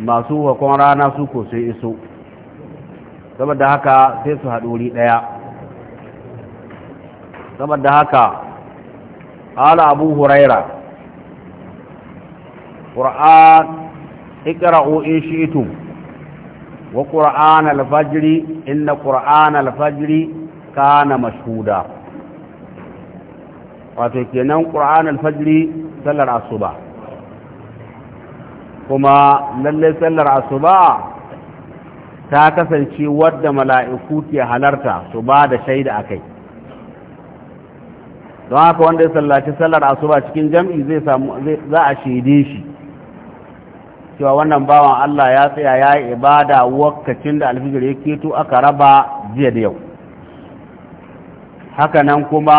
masu wakon rana su ko sai iso saboda haka sai su haɗu wuri ɗaya saboda haka ala abu huraira ƙura'an ikra'u in shi'tum wa qur'an alfajiri fajr inna qur'an al-fajr kana mashhuda wato kenan ƙura'an alfajiri sallar asuba kuma lallai sallar asuba ta kasance wadda mala'iku ke halarta su ba da shaida a kai don haka wanda ya sallaci sallar asuba cikin jam'i zai za a shaide shi cewa wannan bawan Allah ya tsaya ya yi ibada wakacin da alfijir ya keto aka raba jiya da yau haka nan kuma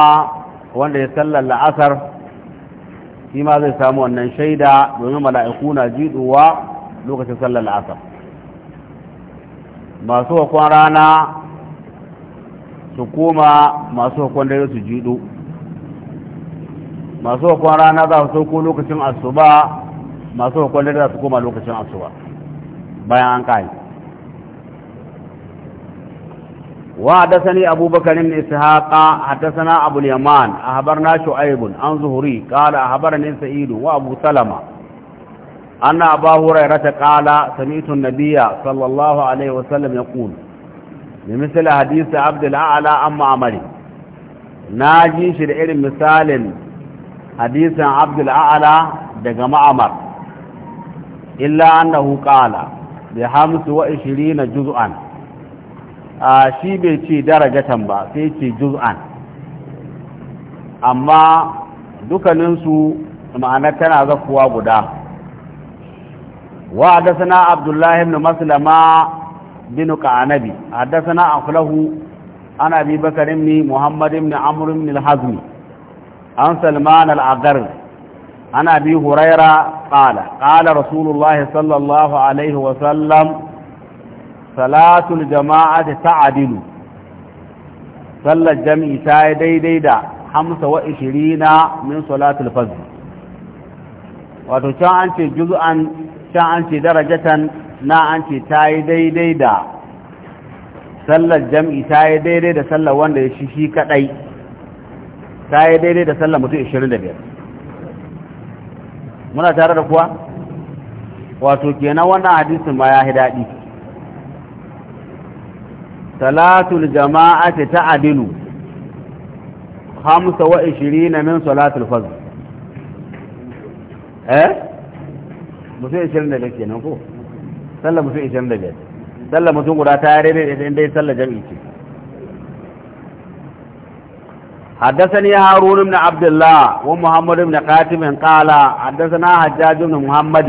wanda ya sallar la'asar shi ma zai samu wannan shaida domin mala'iku na jiduwa lokacin sallar la'asar masu hukun rana su koma masu hukun dare su jidu masu hukun rana za su sauko lokacin asuba masu hukun dare za su koma lokacin asuba bayan an kai وحدثني أبو بكر بن إسحاق حدثنا أبو اليمان أخبرنا شعيب عن زهري قال أخبرني سعيد وأبو سلمة أن أبا هريرة قال سمعت النبي صلى الله عليه وسلم يقول بمثل حديث عبد الأعلى أما عملي ناجي شرعي مثال حديث عبد الأعلى دقم عمر إلا أنه قال بخمس وعشرين جزءا a shi bai ce darajatan ba sai ce juz'an amma dukaninsu ma'anar tana zakuwa guda wa haddasana abdullahi ibn maslama bin ka'anabi haddasana a an ana bi ibn muhammad Muhammadin, amr ibn al-hazmi an salman al ana bi abi huraira qala qala rasulullahi sallallahu alaihi wa sallam salatul jama'a da ta'adilu sallar jam'i ta yi daidai da hamsa wa ishirina min salatul fazl wato can an ce juz'an can an ce darajatan na an ce ta yi daidai da sallar jam'i ta yi daidai da sallar wanda ya shi kadai ta yi daidai da sallar mutum 25 muna tare da kuwa wato kenan wannan hadisin ma ya daɗi salatul jama'ati wa 25 min salatul fajr eh mutum 25 nan ko sallar mutum 25 Sallah mutum guda ta yare ne idan dai sallar jami'i ce حدثني هارون بن عبد الله ومحمد بن قاتم قال حدثنا حجاج بن محمد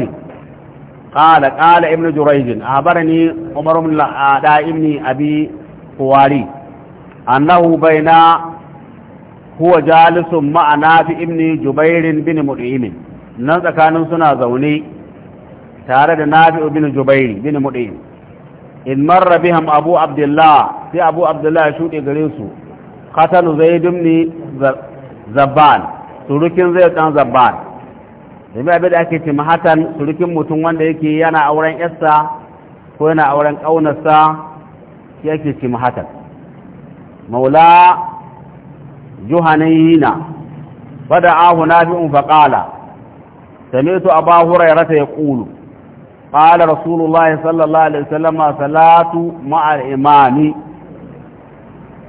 قال قال ابن جريج أخبرني عمر بن ابن أبي قواري أنه بين هو جالس مع نافع ابن جبير بن مطعم nan tsakanin suna zaune tare da nafi'u bin jubairi bin mudim in marra biham abu abdullah sai abu abdullah ya shuɗe gare su khatanu zaid zabban surukin zaid dan zabban domin abin da ake ce mahatan surukin mutum wanda yake yana auren yarsa ko yana auren ƙaunarsa shi ake ce mahatan maula juhanayina fada ahu na fi faƙala su a ba hurairata ya ƙulu ƙala rasulullahi sallallahu alaihi wasallama salatu ma'al imani.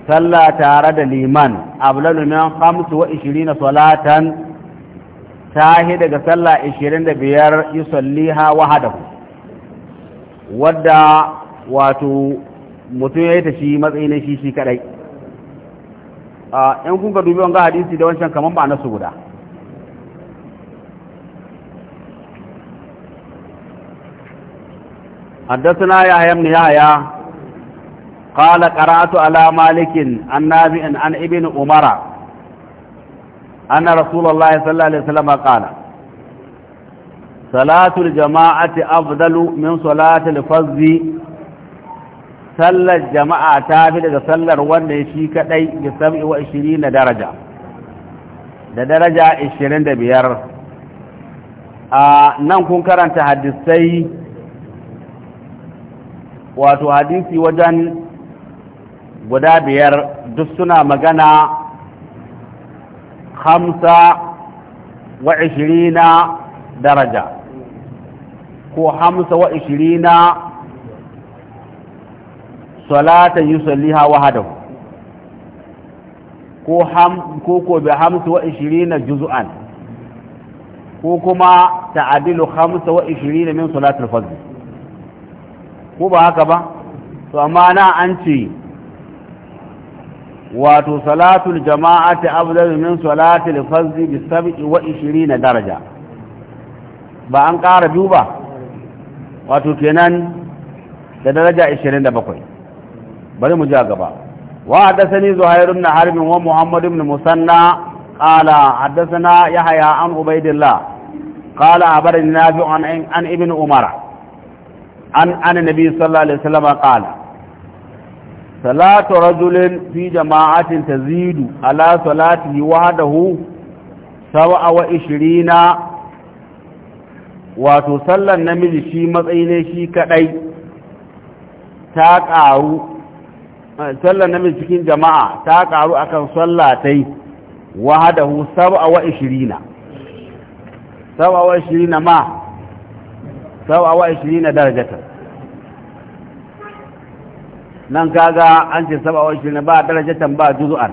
sallah tare da liman ablalu min 25 salatan ta daga sallah 25 yusalliha wahadahu wadda wato mutum ya yi ta shi matsayin shi shi kadai in kun ka dubi wanga hadisi da wancan kamar ba nasu guda حدثنا يحيى بن يحيى قال قرأت على مالك عن نافع عن ابن عمر أن رسول الله صلى الله عليه وسلم قال صلاة الجماعة أفضل من صلاة الفض صلى الجماعة تابلة صلى روان شيك لي بسبع وعشرين درجة درجة عشرين بيار nan kun karanta hadisai wato hadisi wajen guda biyar duk suna magana hamsa wa ishirina daraja ko hamsa wa ishirina salatan yusalliha wahadahu ko ham ko hamsa wa ishirina juz'an ko kuma ta'adilu hamsa wa ishirina min ba haka ba to na an ci. wato salatul jama'a ta afdalu min salatil fazzi bi na daraja ba an ƙara biyu ba wato kenan da daraja da bakwai. bari mu ja gaba wa hadathani zuhair ibn harb wa muhammad ibn musanna qala ya haya an ubaidillah qala abarna nafi' an an ibn umar an an nabi sallallahu alaihi wasallam qala salatu rajulin fi jama'atin tazidu ala salatihi wahdahu sab'a wa ishirina wato sallan namiji shi matsayi ne shi kadai ta karu sallan namiji cikin jama'a ta karu akan sallatai wahdahu sab'a wa ishirina sab'a wa ishirina ma sab'a wa ishirina darajatan nan kaga an ce saba wa shirin ba darajatan ba juzu'an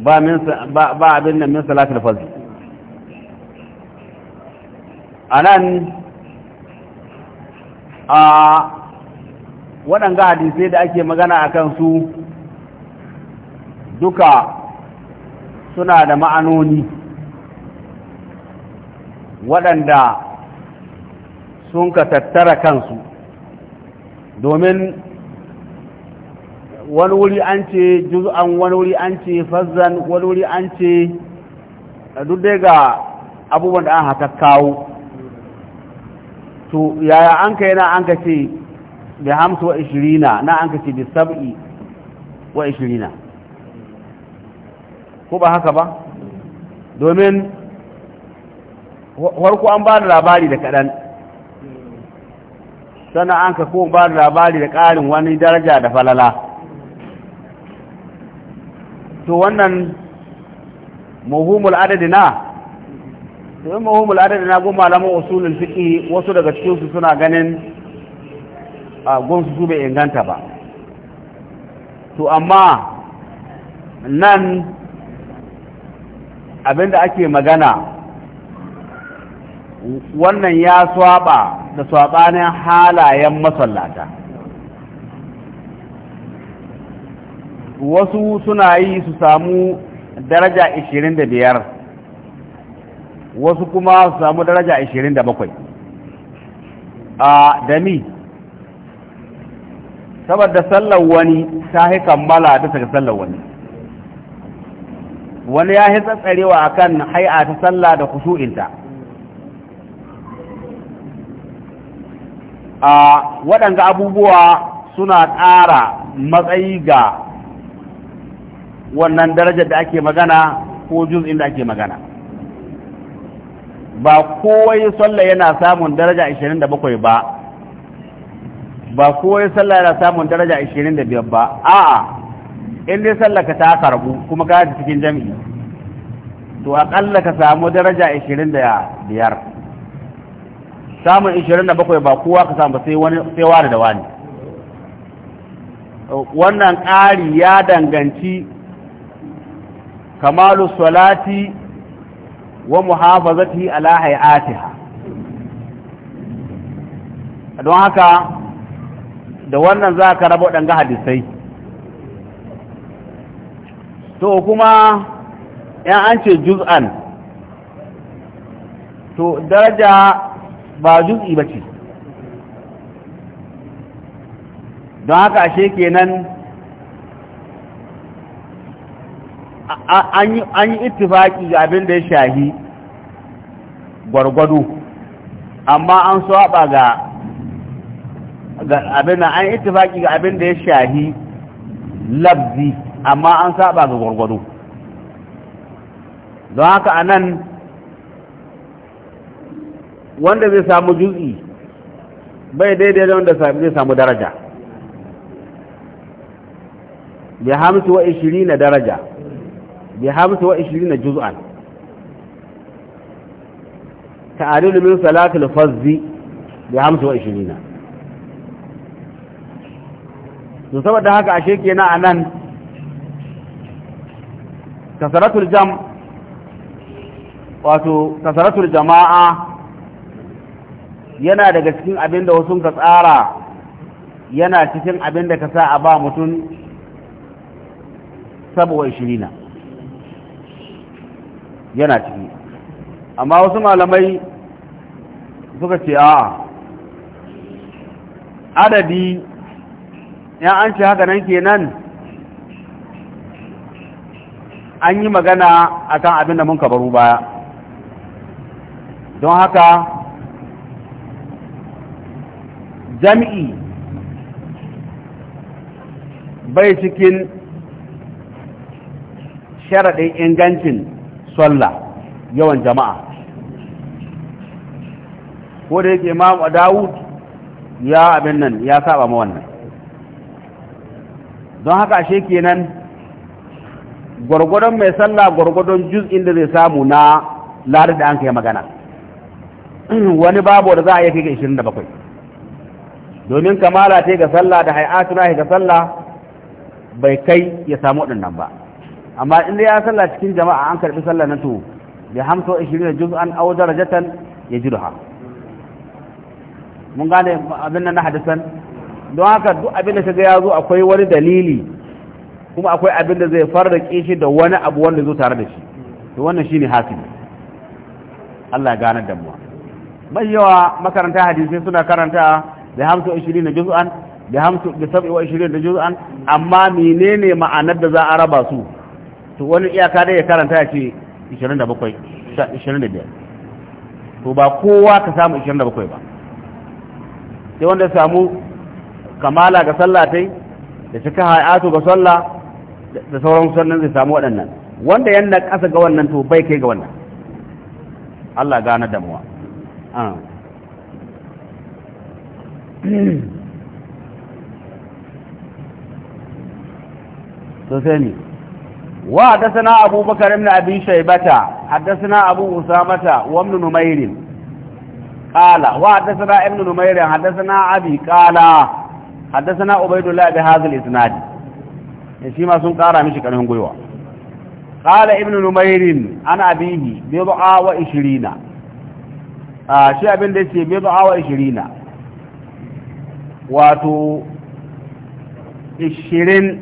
ba abin nan min salatul fazl a nan a waɗanga hadisai da ake magana a kansu duka suna da ma'anoni waɗanda sun ka tattara kansu domin wani wuri an ce juz'an wani wuri an ce fazzan wani wuri an ce duk dai ga abubuwan da an haka kawo to yaya an ka yana an ka ce da hamsu wa ishirina na an ka ce da sab'i wa ishirina ko ba haka ba domin warko an ba da labari da kaɗan sannan an ka kuma ba da labari da ƙarin wani daraja da falala to wannan muhumul adadina na to yin muhumul adadina na gun malaman usulun fiƙi wasu daga cikinsu suna ganin a gunsu su bai inganta ba to amma nan abinda ake magana wannan ya swaba da saɓanin halayen masallata wasu suna yi su samu daraja 25 wasu kuma su samu daraja 27 a dami saboda sallar wani ta yi kammala bisa ga sallar wani wani ya yi tsatsarewa akan hai'a ta sallah da kusurinta a waɗanda abubuwa suna ƙara matsayi ga wannan darajar da ake magana ko juz'in da ake magana ba kowai sallah yana samun daraja 27 ba ba kowai sallah yana samun daraja 25 ba a'a in dai sallah ka ta karbu kuma ka cikin jami'i to aƙalla ka samu daraja 25 samun 27 ba kowa ka samu sai wani sai wani da wani wannan ƙari ya danganci kamalu salati wa muhafazati ala hay'atiha don haka da wannan za ka raba waɗanga hadisai to kuma yan an ce juz'an to daraja ba juz'i ba ce don haka ashe kenan an yi ittifaki ga abin da ya shahi gwargwado amma an saba ga abin da an yi ittifaki ga abin da ya shahi labzi amma an saba ga gwargwado don haka anan wanda zai samu juz'i bai daidai da wanda zai samu daraja bi hamsu wa ishirina daraja bi hamsu wa ishirina juz'an ta'adilu min salatul fazzi bi hamsu wa ishirina to saboda haka ashe kenan anan kasaratul jam wato kasaratul jama'a yana daga cikin abin da wasu ka tsara yana cikin abin da ka sa a ba mutum saboda shirina yana ciki amma wasu malamai suka ce a adadi ya an ce haka nan kenan an yi magana akan abin da mun kabaru baya don haka Jami'i bai cikin sharaɗin ingancin sallah yawan jama'a ko da yake a dawud ya abin nan ya saba ma wannan don haka ashe kenan gwargwadon mai sallah gwargwadon juz'in da zai samu na ladar da an kai magana wani babu da za a yi kai 27 domin kamala ta ga sallah da hay'atu rahi ga sallah bai kai ya samu waɗannan ba amma in ya sallah cikin jama'a an karɓi sallah na to bi 25 juz'an aw darajatan yajruha mun gane abin nan na hadisan don haka duk abin da kaga ya zo akwai wani dalili kuma akwai abin da zai farrake shi da wani abu wanda zo tare da shi to wannan shine hasili Allah ya gane da mu mai yawa makaranta hadisi suna karanta da hamsin ishirin da juz'an da hamsin da sab'i wa ishirin da juz'an amma menene ma'anar da za a raba su to wani iyaka da ya karanta ya ce da 25 to ba kowa ka samu 27 ba sai wanda ya samu kamala ga sallah tai da cika hayatu ga sallah da sauran sannan zai samu waɗannan wanda yana ƙasa ga wannan to bai kai ga wannan Allah gane damuwa. Ah. سوسيني وحدثنا أبو بكر بن أبي شيبة حدثنا أبو أسامة وابن نمير قال وحدثنا ابن نمير حدثنا أبي قال حدثنا عبيد الله بهذا الإسناد شيء ما سنقارا مش كانهم قيوا قال ابن نمير عن أبيه بضعة وعشرين آه شيء ابن دسي بضعة وعشرين wato ishirin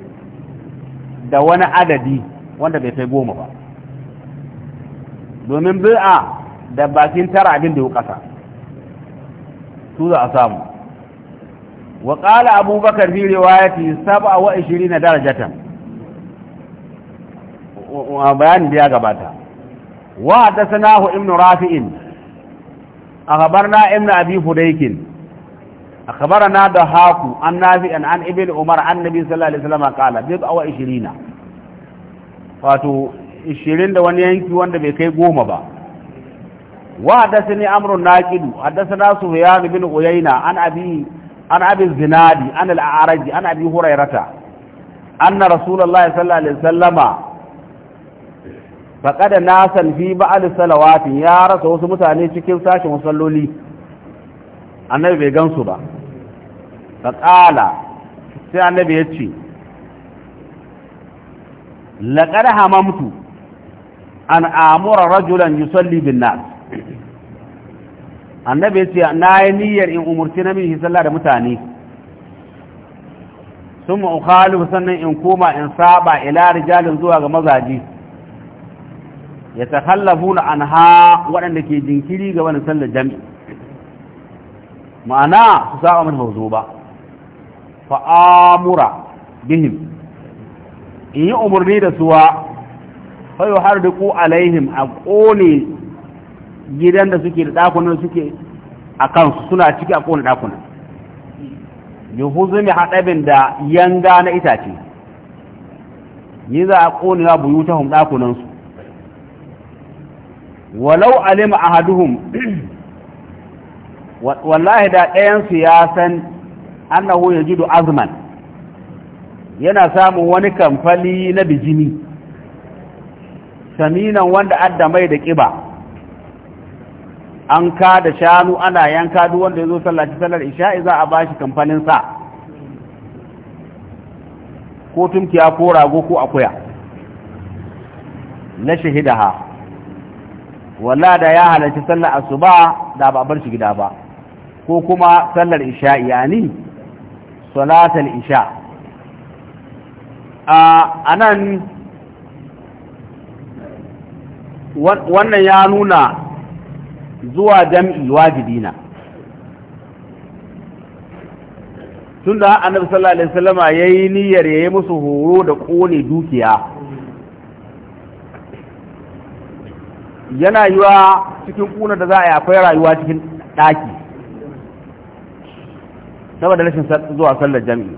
da wani adadi wanda bai kai goma ba domin bi'a da bakin tara abin da ya kasa su za a samu wa ƙala abubakar fi riwayati saba wa ishirin na darajatan bayani da ya gabata wa haddasa nahu ibn rafi'in a gabar na ibn abi hudaikin أخبرنا دهاك عن نافع عن ابن عمر عن النبي صلى الله عليه وسلم قال بضع وعشرين فاتو عشرين ده وني ينكي وان ده بيكي قوم با وحدثني أمر ناكد حدثنا سفيان بن عيينة عن أبي عن أبي الزنادي عن الأعرج عن أبي هريرة أن رسول الله صلى الله عليه وسلم فقد ناسا في بعض الصلوات يا رسول الله متعني cikin sashin wasalloli annabi bai gansu ba ta kala sai annabi ya ce laƙar hamamtu an amura rajulan yusalli bin nas annabi ya ce na yi niyyar in umarci na mihi sallah da mutane sun ma'ukhalifu sannan in koma in saba ila rijalin zuwa ga mazaji ya ta hallafu na an ha waɗanda ke jinkiri ga wani sallar jami'a. ma'ana su saba min hauzo ba fa'amura bihim in yi umarni da suwa fayo har da ku alaihim a ƙone gidan da suke da ɗakunan suke a kansu suna ciki a ƙone ɗakunan mai haɗabin da yanga na itace yi za a ƙone wa buyutahum ɗakunansu walau alima ahaduhum wallahi da ɗayan ya san annahu ya jidu azman yana samun wani kamfani na bijini saminan wanda adda mai da ƙiba an ka da shanu ana yanka duk wanda ya zo sallaci sallar isha'i za a ba shi kamfanin sa ko tumkiya ko rago ko akuya na shahidaha Wala da ya halarci sallar asuba da ba bar shi gida ba ko kuma sallar isha yani salatul isha a nan wannan ya nuna zuwa jam'i wajibi na tun da annabi sallallahu alaihi wasallam yayi niyyar yayi musu horo da kone dukiya yana yiwa cikin kuna da za a yi akwai rayuwa cikin ɗaki saboda rashin zuwa sallar jam'i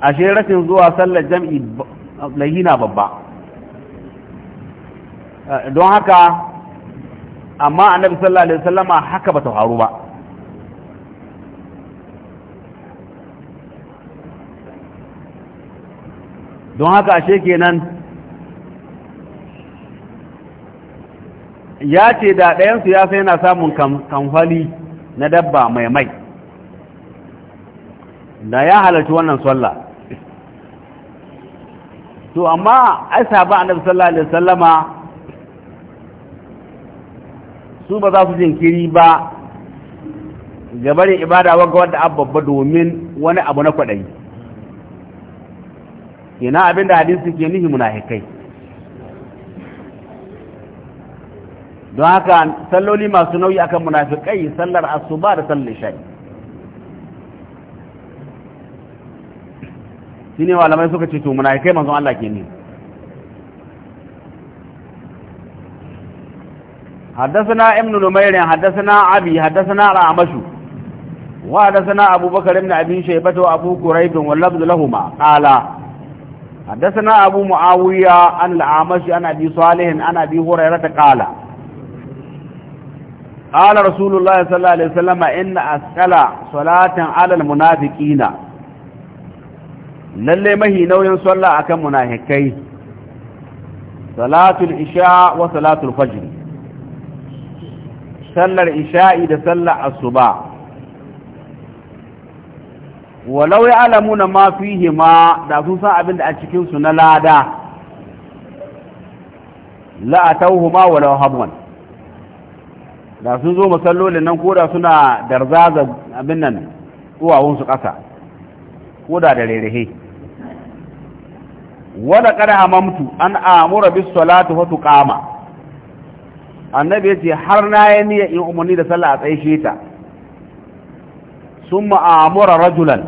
ashe rashin zuwa sallar jam'i lahina babba eh, don haka amma annabi sallallahu alaihi wasallam haka bata faru ba don haka ashe kenan ya ce da ɗayansu ya sai yana samun kamfali na dabba mai mai da ya halarci wannan sallah to amma ai sahaba annabi sallallahu alaihi wasallama su ba za su jinkiri ba gabarin ibada wagga wadda abba domin wani abu na kwaɗayi ina abinda hadisi ke nihi munafikai don haka salloli masu nauyi akan munafikai sallar asuba da sallar shayi shi ne malamai suka ce to munafikai manzon Allah ke ne حدثنا ابن نمير حدثنا أبي حدثنا الأعمش وحدثنا أبو بكر بن أبي شيبة وأبو كريب واللفظ لهما قال حدثنا أبو معاوية عن الأعمش عن أبي صالح عن أبي هريرة قال قال رسول الله صلى الله عليه وسلم إن أسأل صلاة على المنافقين lalle mahi nauyin sallah akan munafikai salatul isha wa salatul fajr sallar isha'i da sallar asuba walau ya alamuna ma fihi ma da sun san abin da a cikin su na lada la atawhu ma walau habwan da sun zo masallolin nan koda suna darzaza abin nan uwawun su kasa koda da rerehe wala qad Mamtu an amura bis salati fa tuqama annabi yace har na yi niyya in umarni da sallah a tsaye ta summa amura rajulan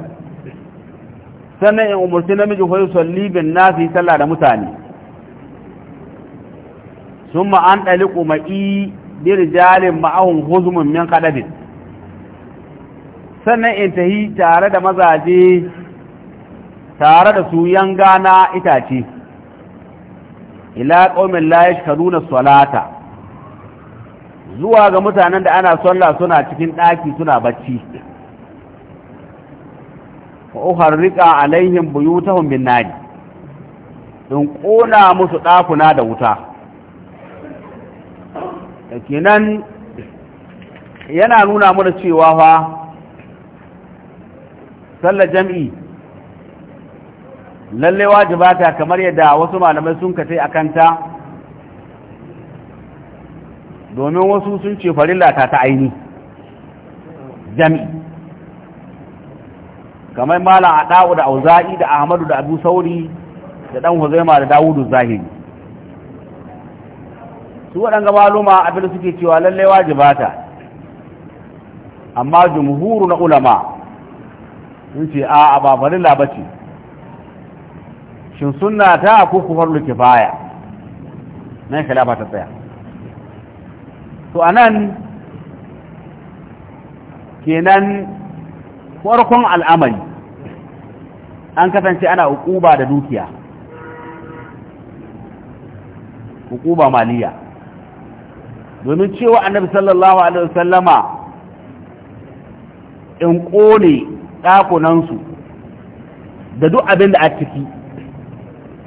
sannan in umarci namiji fa yusalli bin nasi sallah da mutane summa an daliqu ma'i birjalin ma'ahun huzumin min qadabin sannan in tahi tare da mazaje tare da su yanga na itace ila qaumin la yashhaduna salata zuwa ga mutanen da ana sallah suna cikin ɗaki suna bacci fa uharriqa alaihim buyutahum bin nari in kona musu dakuna da wuta kenan yana nuna mana cewa fa sallar jam'i lalle wajibata kamar yadda wasu malamai sun kace akan ta domin wasu sun ce farilla ta ta aini jami kamar malam adawu da auza'i da ahmadu da abu sauri da dan huzaima da dawudu zahiri su waɗanga maluma abinda suke cewa lalle wajibata amma jumhuru na ulama sun ce a ba farilla bace shin sunna ta ko kufarlu kifaya nan khilafa ta tsaya to anan kenan farkon al'amari an kasance ana hukuba da dukiya hukuba maliya domin cewa annabi sallallahu alaihi wasallama in kone ɗakunansu da duk abin da a ciki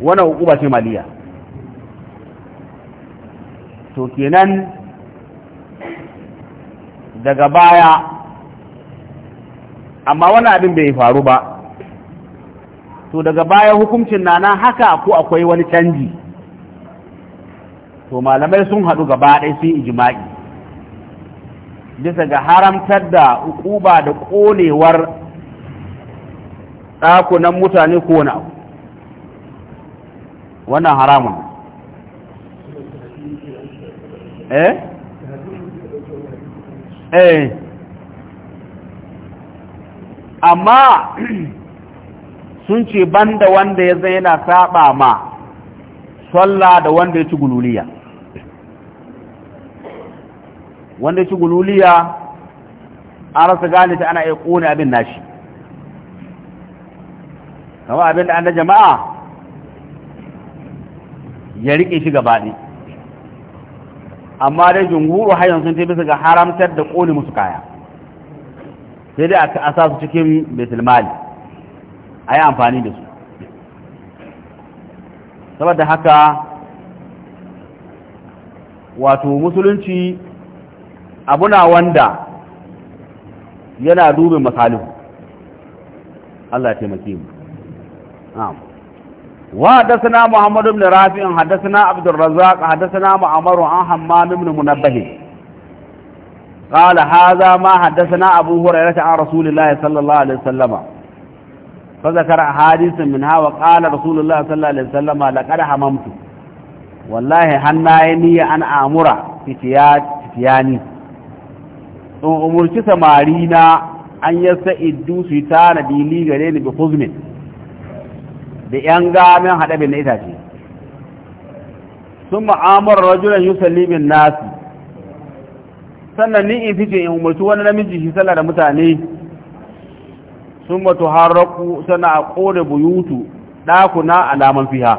wannan hukuma ce maliya to kenan daga baya amma wannan abin bai faru ba to daga baya hukuncin nana haka ko akwai wani canji to malamai sun haɗu gaba ɗaya sun ijima'i bisa ga haramtar da hukuba da ƙonewar ɗakunan mutane ko wani abu wannan haramun eh eh amma sun ce banda wanda ya zai yana saba ma sallah da wanda ya ci gululiya wanda ya ci gululiya an rasa gane ta ana iya ƙone abin nashi kama abin da an da jama'a ya rike shi gaba ɗi amma dai jumhuru har yanzu sun ta bisa ga haramtar da ƙone musu kaya sai dai a sa su cikin betulmali a yi amfani da su saboda haka wato musulunci abuna wanda yana dubin masalihu Allah ya taimake mu na'am وحدثنا محمد بن رافع حدثنا عبد الرزاق حدثنا معمر عن حمام بن منبه قال هذا ما حدثنا أبو هريرة عن رسول الله صلى الله عليه وسلم فذكر حادث منها وقال رسول الله صلى الله عليه وسلم لقد حممت والله هنائني أن أمر فتياني أمرت سمارينا أن يستئدوا ستان ديني غريني بخزمه da ‘yan gamin haɗabin na itace sun ma'amur rajulan yusalli bin sannan ni in fice in umarci wani namiji shi sallah da mutane sun ma tuharraku sannan a ƙone buyutu ɗakuna laman fiha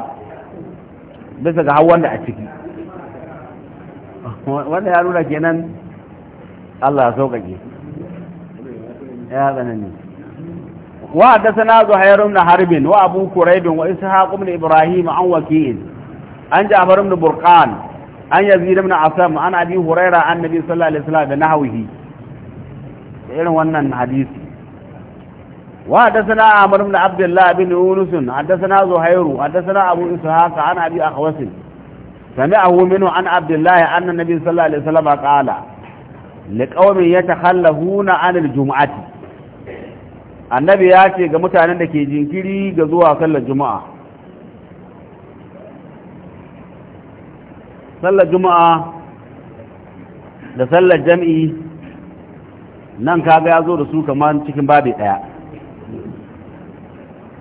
bisa ga hawan da a ciki wanda ya nuna kenan Allah ya sauƙaƙe ya tsanani وحدثنا زهير بن حرب وابو كريب واسحاق بن ابراهيم عن وكيع عن جعفر بن برقان عن يزيد بن عاصم عن ابي هريره عن النبي صلى الله عليه وسلم بنحوه irin wannan hadisi wa hadathana amr ibn abdullah ibn yunus hadathana zuhairu hadathana abu ishaq an abi akhwas sami'ahu minhu an abdullah anna nabiy sallallahu alaihi wasallam qala liqaumin yatakhallafuna 'anil jum'ati annabi ya ce ga mutanen da ke jinkiri ga zuwa sallar juma'a sallar juma'a da sallar jam'i nan kaga ya zo da su kamar cikin babi daya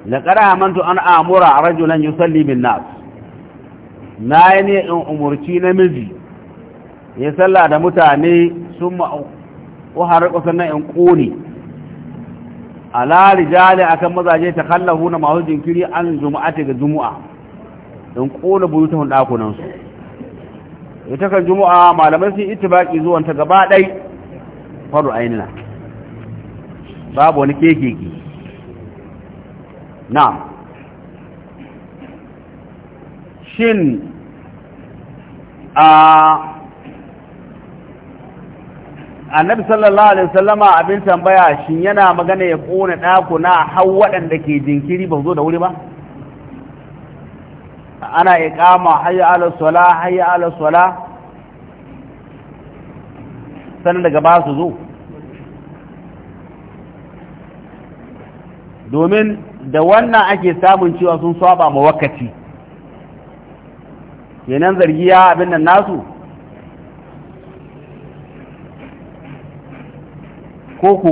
laƙar hamantu an amura a rajulan yi salli min nas na yi ne in umarci namiji ya salla da mutane sun ma'u har kusan na in ƙone ala rijali akan mazaje ta kallahu na masu jinkiri an juma'ata ga juma'a don kona buyutun dakunan su ita kan juma'a malamai sun ittifaki zuwan ta gaba dai faru ainina babu wani kekeke na'am shin a annabi sallallahu alaihi wasallama abin tambaya shin yana magana ya kona na hau waɗanda ke jinkiri ba zo da wuri ba ana iqama hayya ala sala hayya ala sala sanan daga ba su zo domin da wannan ake samun cewa sun saba ma wakati kenan zargiya abin nan nasu ko ku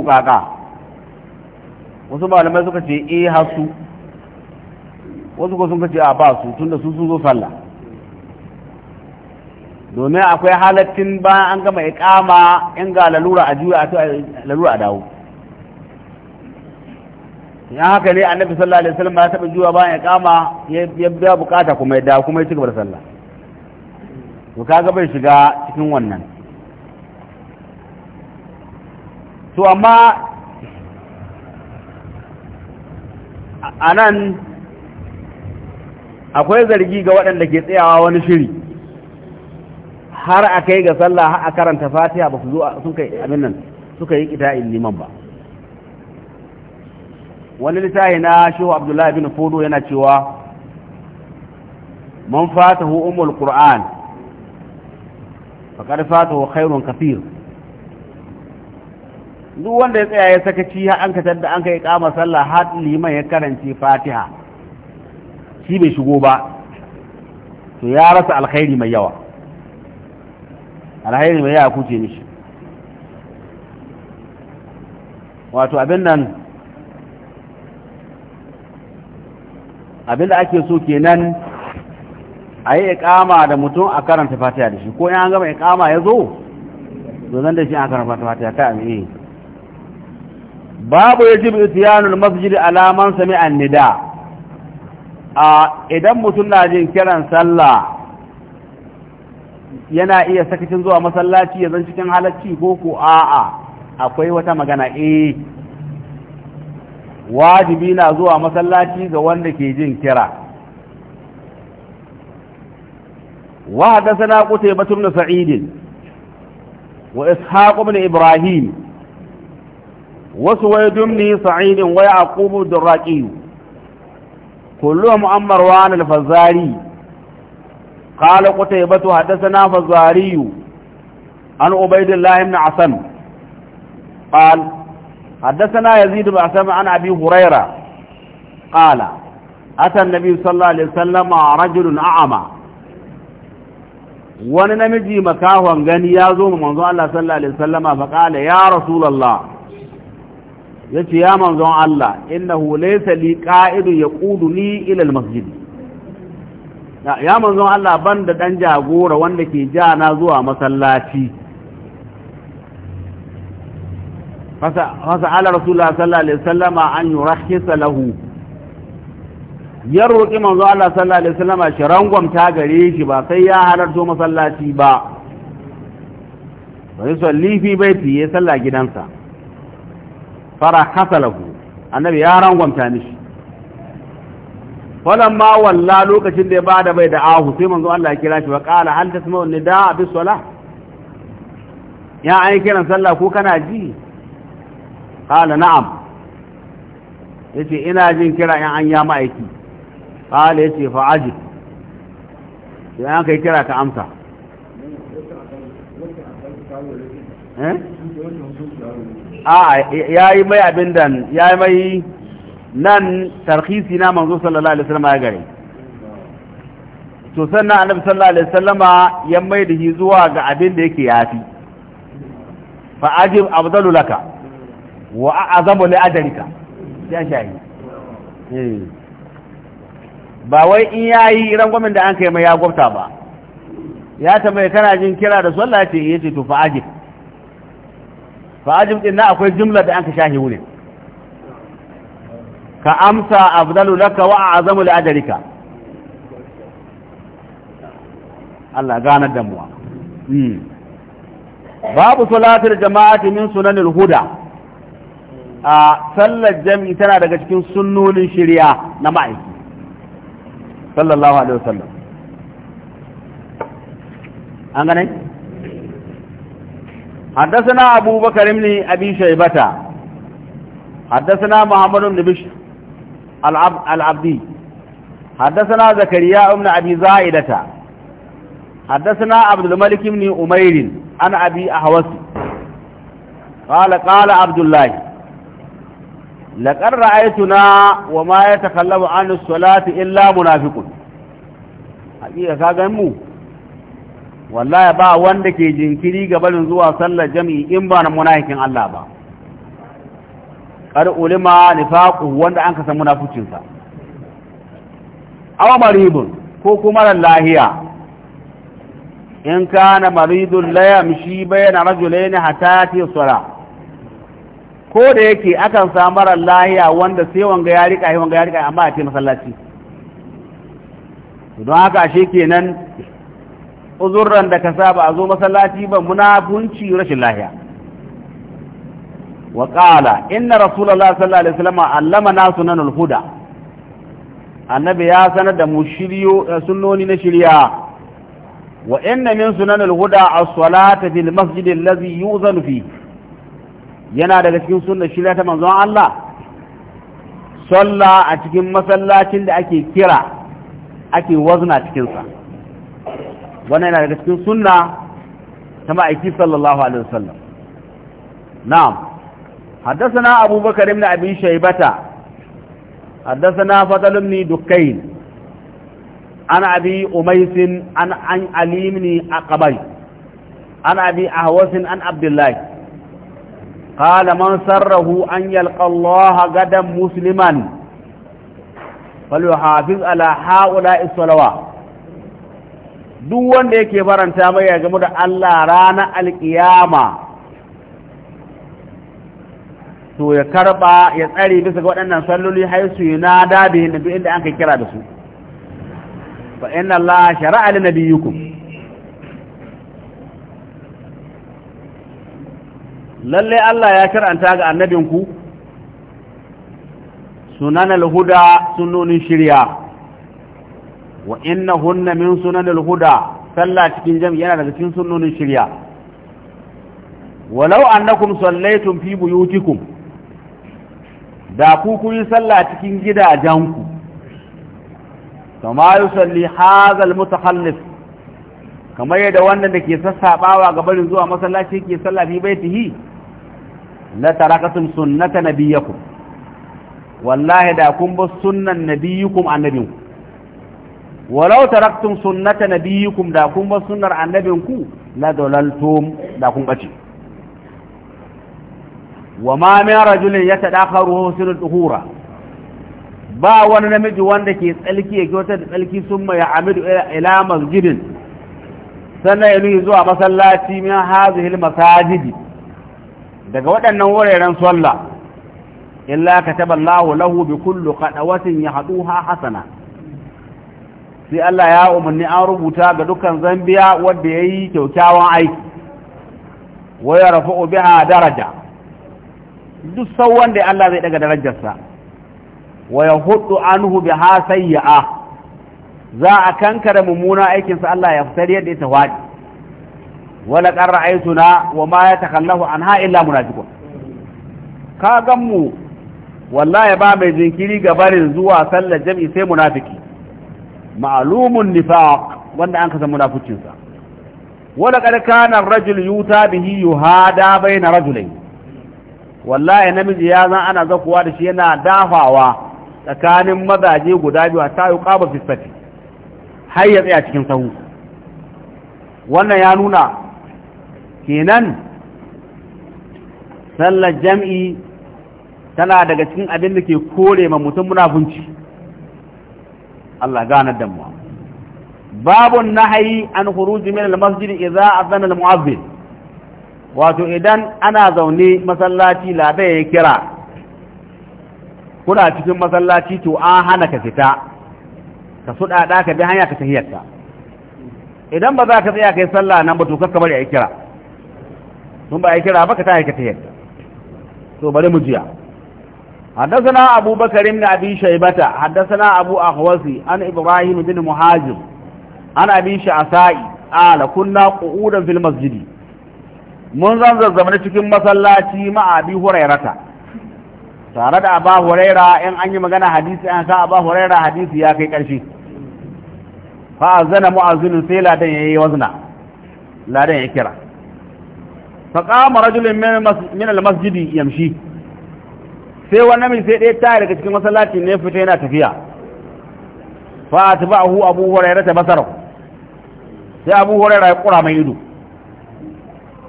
wasu malamai suka ce eh hasu wasu ko sun ce a ba su tunda su sun zo sallah domin akwai halattin ba an gama ikama in ga lalura a juya a lalura a dawo ya haka ne annabi sallallahu alaihi wasallam ya taba juya bayan ikama ya biya bukata kuma ya dawo kuma ya cigaba da sallah to kaga bai shiga cikin wannan to amma a nan akwai zargi ga waɗanda ke tsayawa wani shiri har a kai ga sallah a karanta fatiha ba su zo sun kai abin nan suka yi ƙita'in liman ba wani littafi na shehu abdullahi bin fodo yana cewa man fatahu umul qur'an faqad fatahu khairun kathir duk wanda ya tsaya ya sakaci har an katar da an kai kama sallah har liman ya karanci fatiha shi bai shigo ba to ya rasa alkhairi mai yawa alkhairi mai yawa kuce mishi wato abin nan abin da ake so kenan a yi ikama da mutum a karanta fatiha da shi ko in an gama ikama ya zo to zan da shi an karanta fatiha ta amini babu yajib itiyanul masjid alaman sami sami'a nida a idan mutum na jin kiran sallah yana iya sakacin zuwa masallaci ya zan cikin halacci ko ko a'a akwai wata magana eh wajibi na zuwa masallaci ga wanda ke jin kira wa hadathana qutaybah ibn sa'id wa ishaq ibn ibrahim wasu waya dumni sa'idin waya a ƙubu da raƙi kullum mu'ammar wani fazari kala kuta yaba tu haddasa na fazari yu an ubaidin lahim na asan haddasa na yazidu ba asan an abi huraira ƙala atan nabi sallallahu alaihi wasallam a rajulun a'ama wani namiji makahon gani ya zo mu manzo Allah sallallahu alaihi wasallam fa qala ya rasulullah ya ce ya manzon Allah innahu laysa li qa'idun yaquduni ila al-masjid ya manzon Allah banda dan jagora wanda ke ja na zuwa masallaci fasa ala rasulullah sallallahu alaihi wasallam an yurahhisa lahu ya ki manzo Allah sallallahu alaihi wasallam shi rangwamta gare shi ba sai ya halarto masallaci ba wani sallifi baiti ya salla gidansa fara kasa lahu annabi ya rangwamta mishi falamma walla lokacin da ya bada bai da ahu sai manzo Allah ya kira shi wa qala hal tasma'u nidaa bis salah ya ai kiran sallah ko kana ji qala na'am yace ina jin kira in an ya ma'aiki qala yace fa ajib sai an kai kira ka amsa eh a ya yi mai abin da ya yi mai nan tarhisi na manzo sallallahu alaihi wasallam ya gare to sannan annabi sallallahu alaihi wasallam ya mai da shi zuwa ga abin da yake yafi fa ajib afdalu laka wa a'zamu li ajrika ya shayi eh. ba wai in yayi gwamnati da an kai mai ya gwabta ba ya tambaye kana jin kira da sallah ce eh, yace to fa ajib fa'ajim din na akwai jumlar da an ka shahi wurin ka amsa afdalu laka wa a'zamu li ajrika Allah ganar da mu hmm. babu salatul jama'ati min sunanil huda a sallar jami'i tana daga cikin sunnonin shirya na ma'aiki sallallahu alaihi wasallam an ganin. حدثنا أبو بكر بن أبي شيبة حدثنا محمد بن بشر العب العبدي حدثنا زكريا بن أبي زائدة حدثنا عبد الملك بن أمير عن أبي أحوس قال قال عبد الله لقد رأيتنا وما يتكلم عن الصلاة إلا منافق حقيقة كاغن مو wallahi ba wanda ke jinkiri ga barin zuwa sallar jami'i in ba na munafikin Allah ba kar ulima nifaqu wanda an kasa munafucin sa aw maribun ko kuma lahiya in kana maridun la yamshi bayna rajulayn hatta yati sala ko da yake akan samu marar lahiya wanda sai wanga ya rika wanga ya rika amma a ce masallaci don haka ashe kenan uzurran da ka saba a zo masallaci ba munafunci rashin lahiya wa qala inna rasulullahi sallallahu alaihi wasallam allamana sunanul huda annabi ya sanar da mu shiryo eh, sunnoni na shirya wa inna min sunanul huda as-salatu fil masjid allazi yuzanu fi yana daga cikin sunnar shirya ta manzon Allah sallah a cikin masallacin da ake kira ake wazna cikinsa wannan yana daga cikin sunna ta ma'aiki sallallahu alaihi wasallam na'am haddathana abubakar ibn abi shaybata haddathana fadl ibn dukayn an abi umays an an ali ibn aqbay an abi ahwas an abdullah قال من سره أن يلقى الله غدا مسلما فليحافظ على هؤلاء الصلوات duk wanda yake faranta mai ya gamu da Allah rana alkiyama to ya karba ya tsare bisa ga waɗannan salloli haisu na dabe na duk inda an kai kira da su fa inna Allah shara'a li nabiyikum lalle Allah ya karanta ga annabinku sunan al-huda sunnonin shari'a wa hunna min sunanil huda sallah cikin jami'a yana daga cikin sunnonin shirya walau annakum sallaitum fi buyutikum da ku kun yi sallah cikin gidajenku kama yusalli hadha mutakhallif kamar yadda wannan da ke sassabawa ga barin zuwa masallaci ke sallah fi baitihi la tarakatum sunnata nabiyakum wallahi da kun bi sunnan nabiyyukum annabinku walau taraktum sunnata nabiyikum da kun bar sunnar annabinku la dalaltum da kun bace wa ma min rajulin yatadakharu husnul duhura ba wani namiji wanda ke tsalki ya kyauta da tsalki sun mai amidu ila masjidin sannan ya zuwa masallaci min hazihil masajidi daga waɗannan wuraren sallah illa kataba Allahu lahu bi kulli qadawatin yahduha hasana sai Allah ya umarni an rubuta ga dukkan zambiya wadda ya yi kyaukyawan aiki waya obi a daraja duk sauwan da Allah zai daga darajarsa waya hudu sai ya a? za a kankare mummuna aikinsa Allah ya fitar yadda ita wadi wala ƙarra aisuna wa ma ya an anha illa jikon. ka gan mu wallahi ba mai jinkiri ga barin zuwa sallar jami'i sai munafiki ma'lumun nifaq wanda an kasa munafucin sa wala kad kana rajul yuta bihi yuhada bayna rajulayn wallahi namiji ya zan ana zakuwa da shi yana dafawa tsakanin mazaje guda biyu a yuqaba fi sati har ya tsaya cikin sahu wannan ya nuna kenan sallar jam'i tana daga cikin abin da ke kore ma mutum munafunci Allah gane da mu babun nahayi an khuruji min al-masjid idza adana al-mu'azzin wato idan ana zaune masallaci labe ya kira kuna cikin masallaci to an hana ka fita ka su da ka bi hanya ka tahiyarka idan ba za ka tsaya kai sallah nan ba to kakka bari a kira mun ba a kira ba ka ta ka tahiyarka to bari mu jiya حدثنا أبو بكر بن أبي شيبة حدثنا أبو أخوسي عن إبراهيم بن مهاجر عن أبي شعسائي قال كنا قعودا في المسجد mun zanzar zamani cikin masallaci ma abi hurairata tare da aba huraira in an yi magana hadisi an sa aba ya kai ƙarshe fa azana sai ladan yayi wazna ladan ya kira rajulun min masjidi yamshi sai wani namiji sai ɗaya tayar daga cikin masallaci ne fita yana tafiya fa atba'ahu abu hurairah ta basara sai abu hurairah ya ƙura mai ido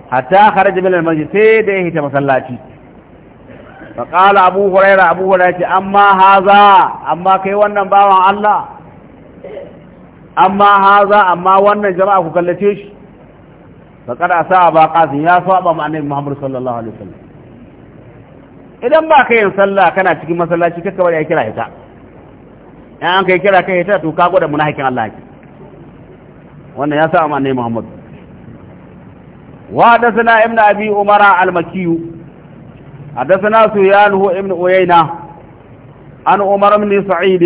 hatta kharaja min al-masjid sai da ya hita masallaci fa qala abu hurairah abu hurairah ce amma haza amma kai wannan bawan Allah amma haza amma wannan jama'a ku kallace shi fa kada sa ba qasim ya saba ma annabi Muhammad sallallahu alaihi wasallam idan ba ka yin sallah kana cikin masallaci kaka bari ya kira ita in an kai kira kai ita to ka gwada munafikin Allah ki wannan ya sa amma ne Muhammad wa hadathana ibn abi umara al-makki hadathana suyan hu ibn uyayna an umar ibn sa'id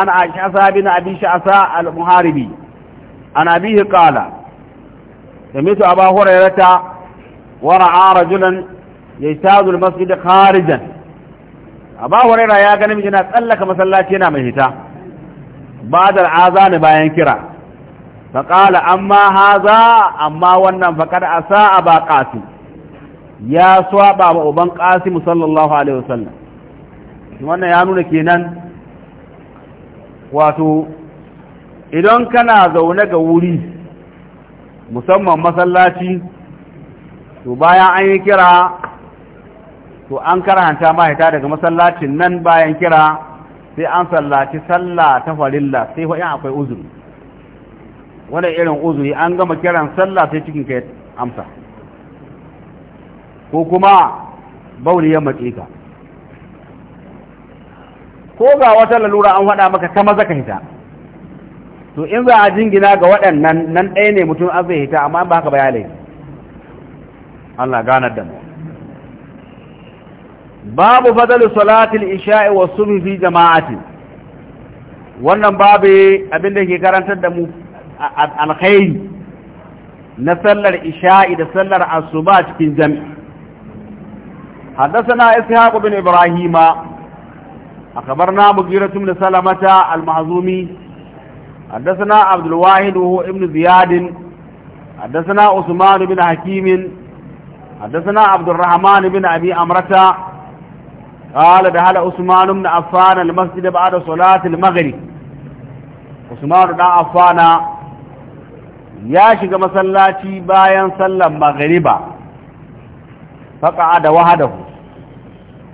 an ashasa bin abi sha'sa al-muharibi an abihi qala سمعت أبا هريرة ورعى rajulan yaitazul masjid kharijan Abu Hurairah ya ganin yana tsallaka masallaci yana mai hita badal ne bayan kira amma haza هذا wannan ونن فقد أساء أبا قاسم يا صواب أبا قاسم صلى الله عليه وسلم wannan ya nuna kenan wato idan kana zaune ga wuri musamman masallaci to bayan an yi kira to an karanta mahita daga masallacin nan bayan kira sai an sallaci sallah ta farilla sai wa'in akwai uzuri wanda irin uzuri an gama kiran sallah sai cikin ka amsa ko kuma bauli ya matse ka ko ga wata lalura an faɗa maka kama zaka hita to in za a jingina ga waɗannan nan ɗaya ne mutum an zai hita amma ba haka bayanai, Allah ganar da mu babu fadalin salatul isha’i wa sun fi jama’ati wannan babu abinda ke karantar da mu alkhairi na sallar isha’i da sallar asuba cikin jami haddasana isi haku bin ibrahima a na namu giratun da salamata almazumi haddasana abdullawahid wa ibn ziyadin haddasana usmanu bin hakimin haddasana abdullrahman bin abi amrata قال دخل عثمان بن عفان المسجد بعد صلاه المغرب عثمان بن عفان ya shiga masallaci bayan sallan المغرب فقعد da wahadahu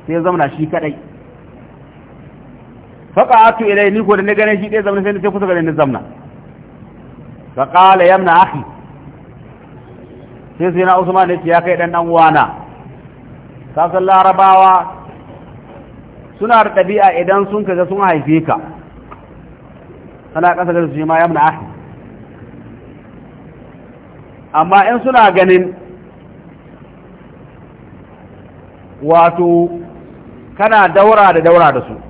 sai zamana shi kadai faqa'atu ilai ni ko da ni gane shi dai zamana sai ni kusa gane ni zamana fa qala yamna akhi sai sai na usman ne ya kai dan dan uwana ka san larabawa suna da ɗabi'a idan sun kaga sun haife ka sana ƙasa da su ma ya muna ahi amma in suna ganin wato kana daura da daura da su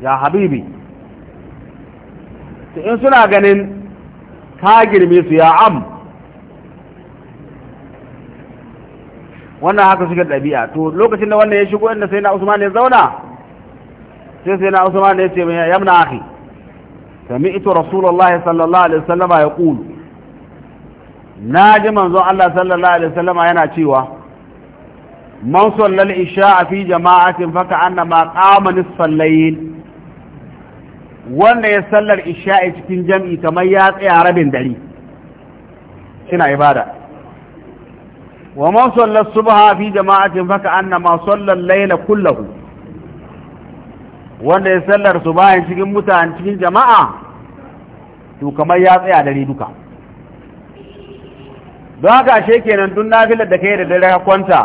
ya habibi in suna ganin ka girme su ya am wannan haka suke ɗabi'a to lokacin da wannan ya shigo inda sai na usman ya zauna sai sai na usman ya ce ya mna akhi sami'tu rasulullahi sallallahu alaihi wasallama yaqulu naji manzon Allah sallallahu alaihi wasallama yana cewa man sallal isha'a fi jama'atin fa ka'annama qama nisfal layl wanda ya sallar isha'i cikin jam'i kamar ya tsaya rabin dare kina ibada wa man salla subha fi jama'atin faka annama salla al-layla kullahu wanda ya sallar bayan cikin mutane cikin jama'a to kamar ya tsaya dare duka don haka ashe kenan duk nafilar da kai da dare ka kwanta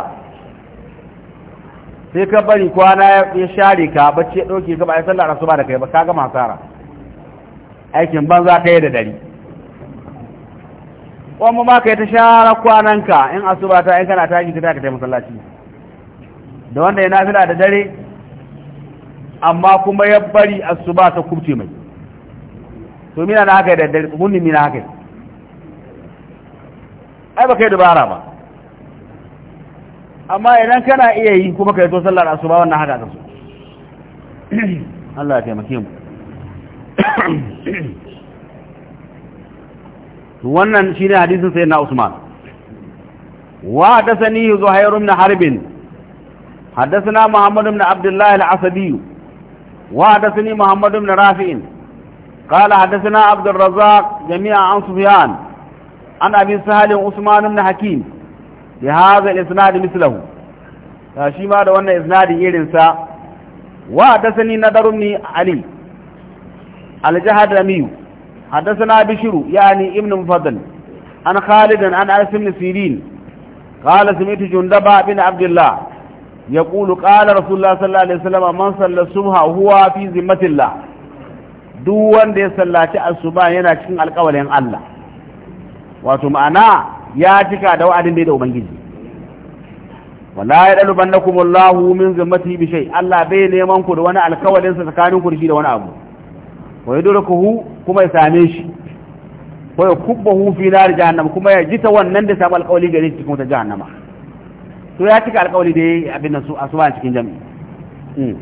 sai ka bari kwana ya share ka bacci ya dauke ka ba ya sallar asuba da kai ba ka gama hasara aikin banza kai da dare wamma ma ka yi ta shara kwananka in asuba ta in kana tashi ka taka ta masallaci da wanda ya nafila da dare amma kuma ya bari asuba ta kubce mai to mina na haka da dare gunni mina haka ai ba kai dubara ba amma idan kana iya yi kuma ka yi to sallar asuba wannan haka ka so Allah ya taimake mu to wannan ne hadisin na Usman wa hadathani Zuhair ibn Harb hadathana Muhammad ibn Abdullah al-Asabi wa hadathani Muhammad ibn Rafi' قال حدثنا عبد الرزاق جميعا عن سفيان عن ابي سهل عثمان بن حكيم بهذا الاسناد مثله shi ma da wannan isnadin irinsa wa hadathani nadar ali al-jahdami حدثنا بشر يعني ابن مفضل عن خالد عن أنس بن سيرين قال سمعت جندبا بن عبد الله يقول قال رسول الله صلى الله عليه وسلم من صلى الصبح هو في ذمة الله duk wanda ya sallaci asuba yana cikin alƙawalin Allah wato ma'ana ya cika da wa'adin da da ubangiji wala ya dalu bannakum Allahu min zimmati bi shay Allah bai neman ku da wani alƙawalin sa tsakanin ku da wani abu wa yi hu kuma ya same shi wa ya kubba hu fi nari jahannama kuma ya jita wannan da samu alkawali gare shi cikin wata jahannama to ya cika alkawali da yayi abin nan su asuba cikin jami'i hmm.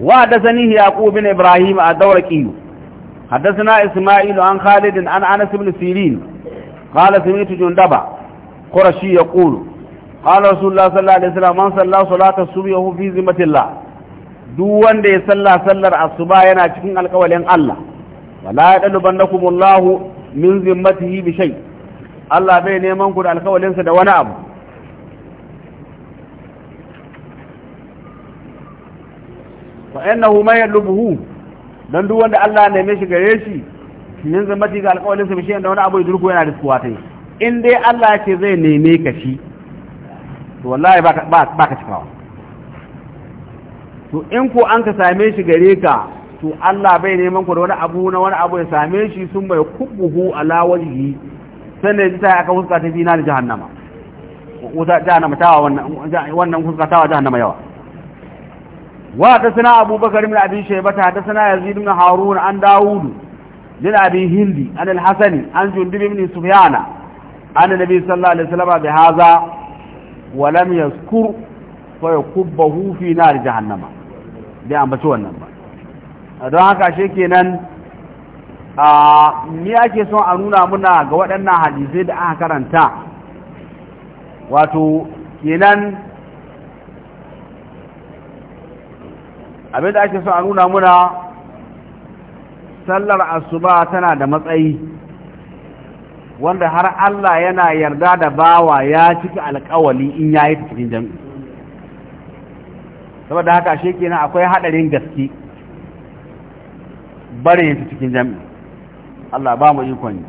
wa da sani yaqub bin ibrahim a dawraki haddathana isma'il an khalid an anas ibn sirin qala sami'tu jundaba qurashi yaqulu qala rasulullah sallallahu alaihi wasallam man salla salata subhi wa fi zimmatillah duk wanda ya salla sallar asuba yana cikin alƙawalin Allah wala ya yadlubannakum Allahu min zimmatihi bi shay Allah bai neman ku da alƙawalin sa da wani abu fa innahu may yalubuhu dan duk wanda Allah ne mai shi shi min zimmati ga alƙawalin sa bi shay da wani abu yadurku yana suwa tai in dai Allah ya ce zai neme ka shi to wallahi baka baka cikawa to in ko an ka same shi gare ka to Allah bai neman ku da wani abu na wani abu ya same shi sun bai kubuhu ala wajhi sannan ta aka huska ta zina da jahannama wuta jahannama tawa wannan wannan huska tawa jahannama yawa wa ta sana abubakar ibn abi shayba ta sana yazid ibn harun an hindi an al hasani an الحسن عن sufyana an nabi sallallahu alaihi wasallam bi عليه wa lam yazkur fa فيكبه fi nar jahannama. bai ambaci wannan ba don haka shi kenan a ni ake son a nuna muna ga waɗannan hadisai da aka karanta wato kenan abinda ake son a nuna muna sallar asuba tana da matsayi wanda har Allah yana yarda da bawa ya cika alkawali in yayi cikin jami'i saboda haka shi kenan akwai haɗarin gaske barin su cikin jami'i Allah ba mu ikon yi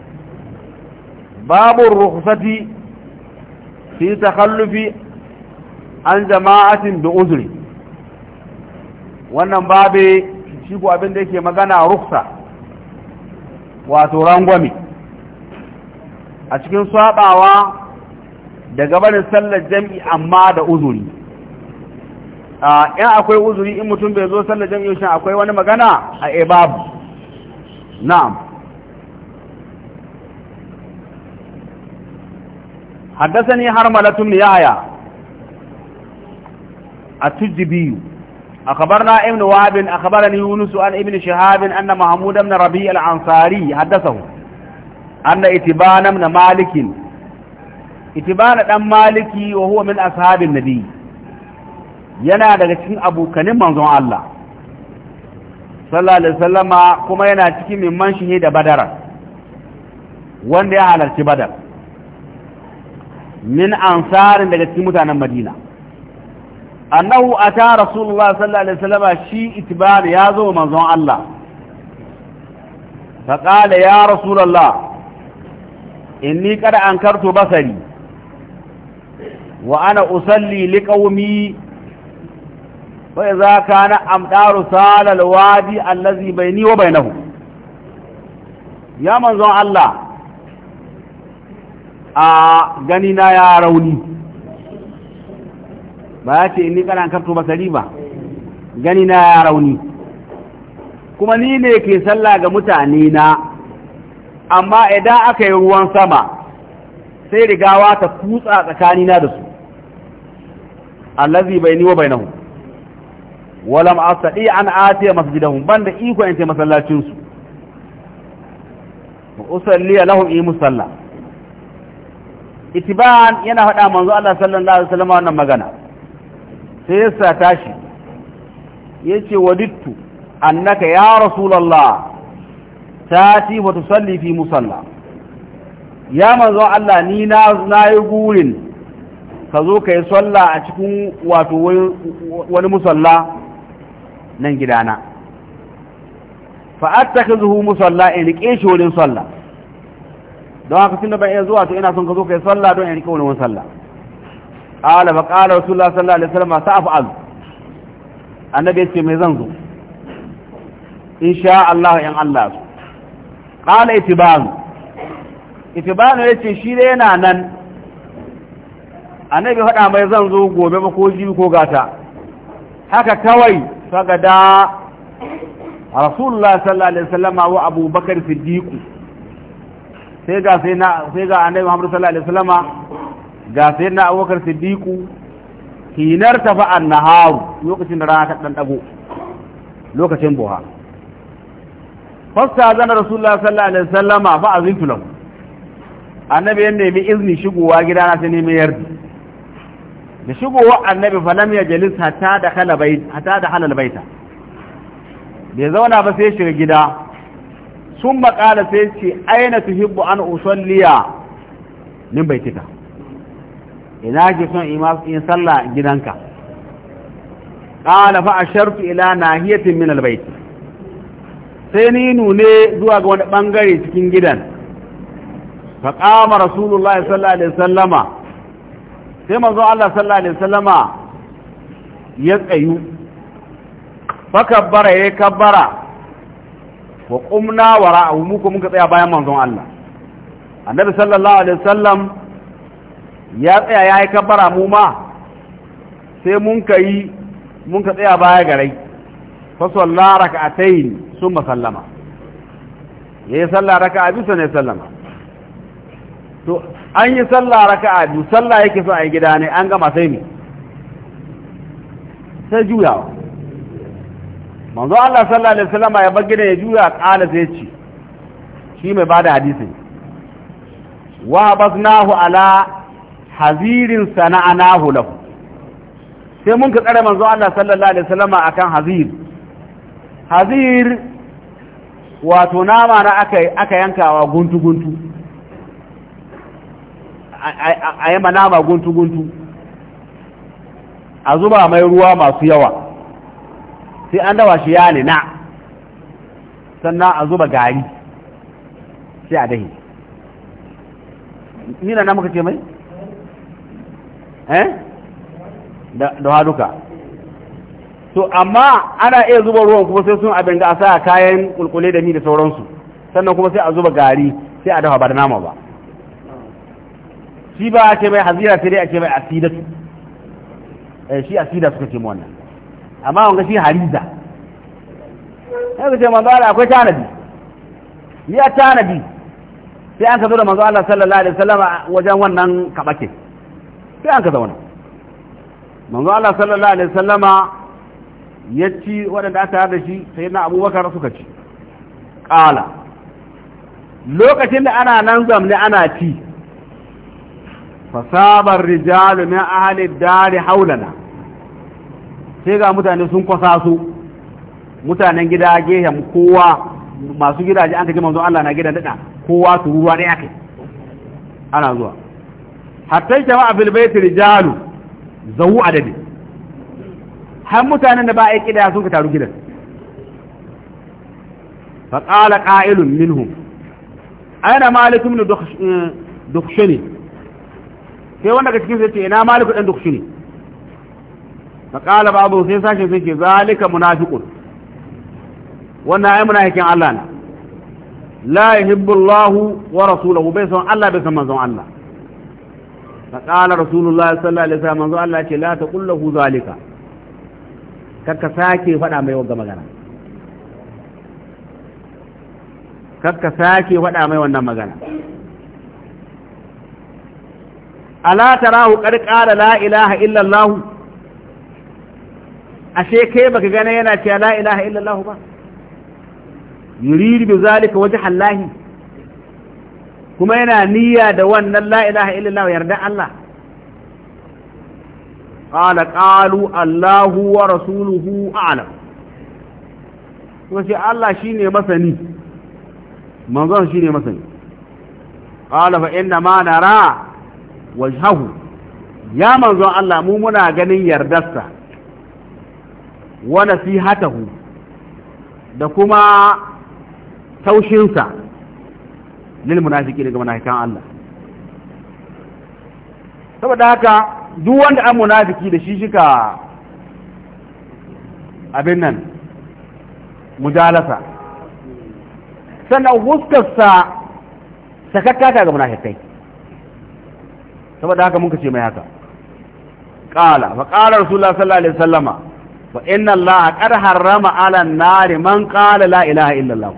babu rukhsati fi takhallufi an jama'atin bi uzri wannan babe shi ko abin da yake magana rukhsa wato rangwami a cikin sabawa daga barin sallar jami'i amma da uzuri in akwai uzuri in mutum bai zo sallar jami'ushin akwai wani magana a ibabu eh, na'am haddasa ni har malatun ni yaya a tujji biyu a kabar na imni wabin a kabar ni yunus an imni shahabin na mahamudan na rabi haddasa hu an na itibanan na malikin itibanan dan maliki wa huwa min ashabin nabi yana daga cikin abokanin manzon Allah sallallahu alaihi kuma yana cikin mimman shihe da badar wanda ya halarci badar min ansarin daga cikin mutanen madina annahu ata rasulullah sallallahu alaihi wasallama shi itibar ya zo manzon Allah faqala ya rasulullah inni qad ankartu basari wa ana usalli liqaumi وإذا kana amdaru salal wadi allazi bayni wa baynahu ya زون Allah? a gani na ya rauni ba ya ce in ni kana kafto basari ba gani na ya rauni kuma ni ne ke sallah ga mutane na amma idan aka yi ruwan sama sai rigawa ta kutsa tsakanina da su allazi bai ni wa bai nahu walam asadi an atiya masjidahum banda iko in ce masallacin su usalli lahum i musalla itiban yana faɗa manzo Allah sallallahu alaihi wasallam wannan magana sai ya sa tashi yace wadittu annaka ya rasulullah tati wa tusalli fi musalla ya manzo Allah ni na nayi gurin ka zo ka yi sallah a cikin wato wani musalla nan gidana fa'attakhidhu musalla in rike shi wurin salla don haka tunda ban iya zuwa to ina son ka zo kai salla don in rike wurin sallah qala fa qala rasulullah sallallahu alaihi wasallam sa'afal annabi ya ce mai zan zo insha Allah in Allah su qala itibanu itibanu ce shi dai yana nan annabi faɗa mai zan zo gobe ba ko jibi ko gata haka kawai fagada rasulullah sallallahu alaihi wasallam wa Abubakar وابو sai ga sai na sai ga annabi Muhammad sallallahu alaihi wasallam ga sai na Abubakar Siddiq hinar tafa annaharu lokacin da rana ta dan dago lokacin buha fasta zan Rasulullah sallallahu alaihi wasallam fa azintu annabi ya nemi izini shigowa gidana sai mai yardi da shigowar annabi falam ya jalis hatta da halal baita bai zauna ba sai shiga gida sun makala sai ce aina tuhibbu an usalliya min baitika ina ji son in sallah gidanka qala fa ashartu ila nahiyatin min albayt sai ni nune zuwa ga wani bangare cikin gidan fa qama rasulullahi sallallahu alaihi wasallama sai manzo Allah sallallahu alaihi wasallama ya tsayu fa kabbara ya kabbara wa qumna wara'ahu mu ko muka tsaya bayan manzon Allah annabi sallallahu alaihi wasallam ya tsaya ya yi kabbara mu ma sai mun ka yi mun ka tsaya baya garai fa salla raka'atayn summa sallama yayi salla raka'a bi ne sallama to an yi sallah raka'a biyu sallah yake so a yi gida ne an gama sai ne sai juyawa manzo Allah sallallahu alaihi wasallam ya bar gida ya juya kala sai ci shi mai bada hadisi wa basnahu ala hazirin sana'anahu lahu sai mun ka tsare manzo Allah sallallahu alaihi wasallam akan hazir hazir wato nama na aka aka yankawa guntu guntu a yi manama guntu-guntu a zuba mai ruwa masu yawa sai an dawa shi ya na sannan a zuba gari sai a dahi Ni na muka ce mai? eh? da haduka to amma ana iya zuba ruwan kuma sai sun abin da a sa kayan kulkule da ni da sauransu sannan kuma sai a zuba gari sai a dafa ba da nama ba shi ba ake mai hazira sai dai ake mai asidatu eh shi asida suka ce wannan amma ga shi hariza sai ga manzo Allah akwai tanadi ya tanabi sai an ka zo da manzo Allah sallallahu alaihi wasallam wajen wannan kabake sai an ka zauna manzo Allah sallallahu alaihi wasallama ya ci waɗanda aka da shi sai na abubakar suka ci ƙala lokacin da ana nan zamne ana ci fasabar rijalu min ahli dari haulana sai ga mutane sun kwasa su mutanen gida gehen kowa masu gidaje an kaji manzo Allah na gidan dada kowa su ruwa da yake ana zuwa hatta ma fil bayt rijalu zawu adadi har mutanen da ba a yi kida sun ka taru gidan fa qala qa'ilun minhum ana malik ibn dukhshani eh, sai wanda daga cikin sai ce ina maliku dan duk shine faqala ba'du sai sashin sai ce zalika munafiqun wannan ai munafikin Allah ne la yuhibbu Allah wa rasuluhu bai san Allah bai san manzon Allah faqala rasulullah sallallahu alaihi wasallam manzon Allah ce la taqul zalika kakka sake faɗa mai wanga magana kakka sake faɗa mai wannan magana ala tarahu qad qala la ilaha illa Allah ashe kai baka gane yana cewa la ilaha illa Allah ba yuridu bi zalika wajha Allah kuma yana niyya da wannan la ilaha illa Allah yarda Allah qala qalu Allah wa rasuluhu a'lam sai Allah shine masani manzon shine masani qala fa inna ma nara wajhahu ya manzon Allah mu muna ganin yardarsa wa hatahu da kuma taushinsa lil munafiki daga munafikan Allah saboda haka duk wanda an munafiki da shi shika abin nan mujalasa sannan huskarsa sakakka ga munafikai saboda haka muka ce mai haka qala fa qala rasulullah sallallahu alaihi wasallama fa inna allaha qad harrama ala an-nari man qala la ilaha illa allah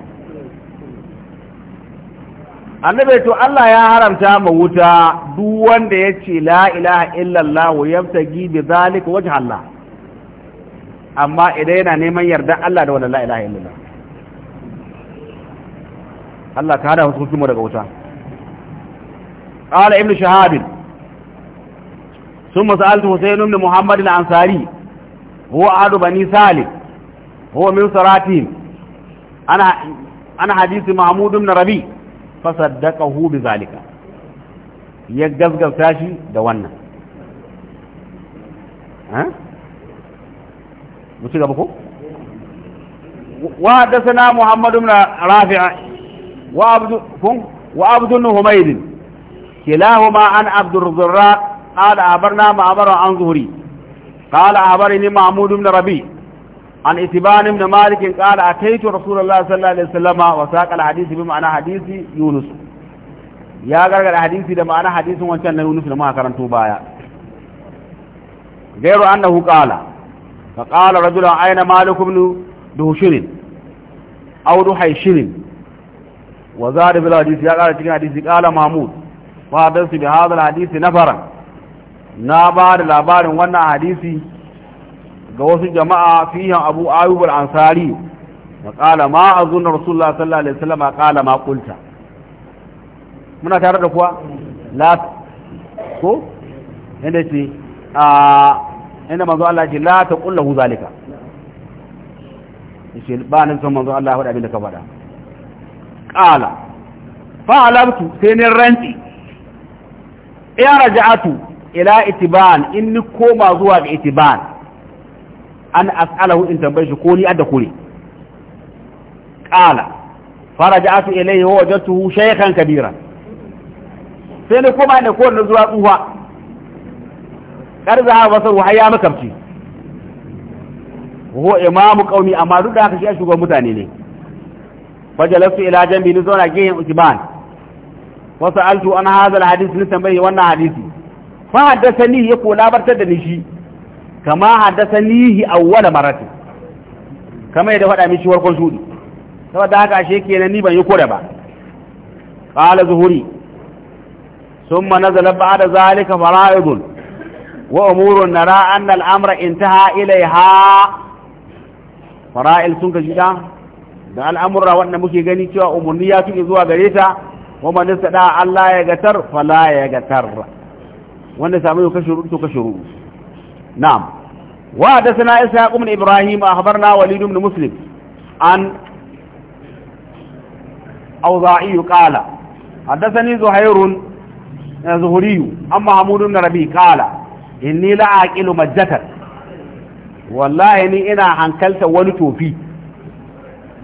annabi to Allah ya haramta ma wuta duk wanda ya ce la ilaha ya yabtagi bi zalika wajha Allah amma idan yana neman yarda Allah da wannan la ilaha illa Allah ka hada hukuncin mu daga wuta qala Ibn shahab ثم سألت حسين بن محمد الأنصاري هو أحد بني سالم هو من سراتهم أنا أنا حديث محمود بن ربي فصدقه بذلك يجزغ تاشي دوانا ها مشي غبكو وحدثنا محمد بن رافع وعبد وعبد بن حميد كلاهما عن عبد الرزاق قال أخبرنا معمر عن زهري قال أخبرني محمود بن ربيع عن اتبان بن مالك قال أتيت رسول الله صلى الله عليه وسلم وساق الحديث بمعنى حديث يونس يا غرغ الحديث ده معنى حديث وانشان يونس لما كرنتو بايا غير أنه قال فقال رجل أين مالك بن دهشر أو دهيشر وزاد بالحديث يا غرغ الحديث قال محمود وحدثت بهذا الحديث نفرا na ba da labarin wannan hadisi ga wasu jama'a fiye abu ayyub al-ansari wa qala ma azunna rasulullah sallallahu alaihi wasallam a ma qulta muna tare da kuwa lati ko inda ce a inda manzo Allah ce lati kulla hu zalika shi ba nan son manzo Allah hudu abin da ka faɗa qala fa'alabtu sai ne ranti ya raja'atu ila itiban in ni koma zuwa ga itiban an as'alahu in tambaye shi ko ni adda kure qala faraja'tu ilayhi wa wajadtuhu shaykhan kabira sai ni koma ne ko na zuwa tsuwa karza wa haya makarci makamci ho imamu qaumi amma duk da haka shi shugaban mutane ne fajalastu ila jambi ni zauna gehen utiban wasu altu an hadha alhadith ni tambaye wannan hadisi fa haddasani ya ko labartar da ni shi kama haddasanihi awwala maratin kama yadda faɗa min shi warkon shudi saboda haka ashe kenan ni ban yi kore ba qala zuhuri thumma nazala ba'da zalika fara'idun wa umurun nara anna al-amra intaha ilayha fara'il sun ka jida da al'amurra wanda muke gani cewa umurni ya tuke zuwa gare ta wa man istada Allah ya gatar fala ya gatar wanda samu yau kashe rubutu kashe rubutu na'am wa hadathana ishaq kuma ibrahim akhbarna walid ibn muslim an awza'i qala hadathani zuhairun eh, zuhuri An hamud na rabi qala In ni la'aƙilu majjatar. wallahi ni ina hankalta wani tofi